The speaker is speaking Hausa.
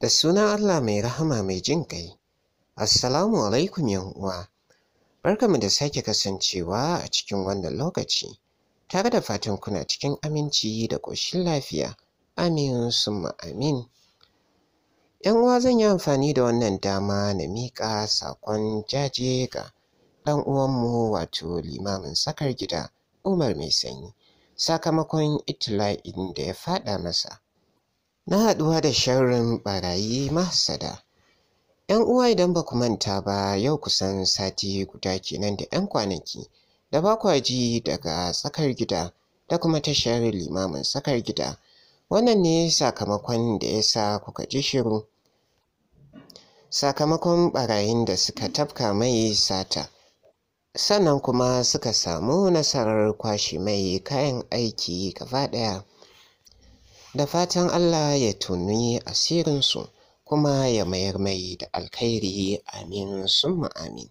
da suna Allah mai rahama mai jin kai. Assalamu alaikum 'yan uwa. Barkamu da sake kasancewa a cikin wannan lokaci, tare da fatan kuna cikin aminci da ƙoshin lafiya. Amin summa amin. ‘Yan uwa zan yi amfani da wannan dama na miƙa saƙon jaje ga ɗan uwanmu wato limamin sakar gida Umar Mai Sanyi sakamakon itila'in da ya faɗa masa. na haɗuwa da sharrin ɓarayi masada. ‘Yan uwa idan ba ku manta ba yau kusan sati guda kenan da ‘yan kwanaki da ba kwa ji daga tsakar gida da kuma tashar limamin tsakar gida. Wannan ne sakamakon da ya sa kuka ji shiru. Sakamakon ɓarayin da suka tafka mai sata. Sannan kuma suka samu nasarar kwashe mai kayan aiki gaba ɗaya. da fatan Allah ya tuni asirinsu kuma ya mayar mai da alkhairi amin summa amin